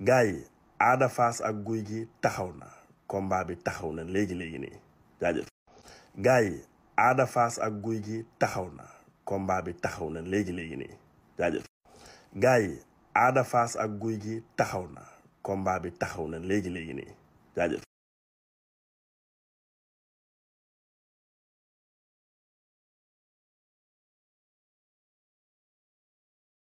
gars yi Ada Fass ak Gouye Gui taxaw na combat bi taxaw na léegi léegi nii jaajëf. gars yi Ada Fass ak Gouye Gui taxaw na combat bi taxaw na léegi léegi nii jaajëf. gars yi Ada Fass ak Gouye Gui taxaw na combat bi taxaw na léegi léegi nii jaajëf.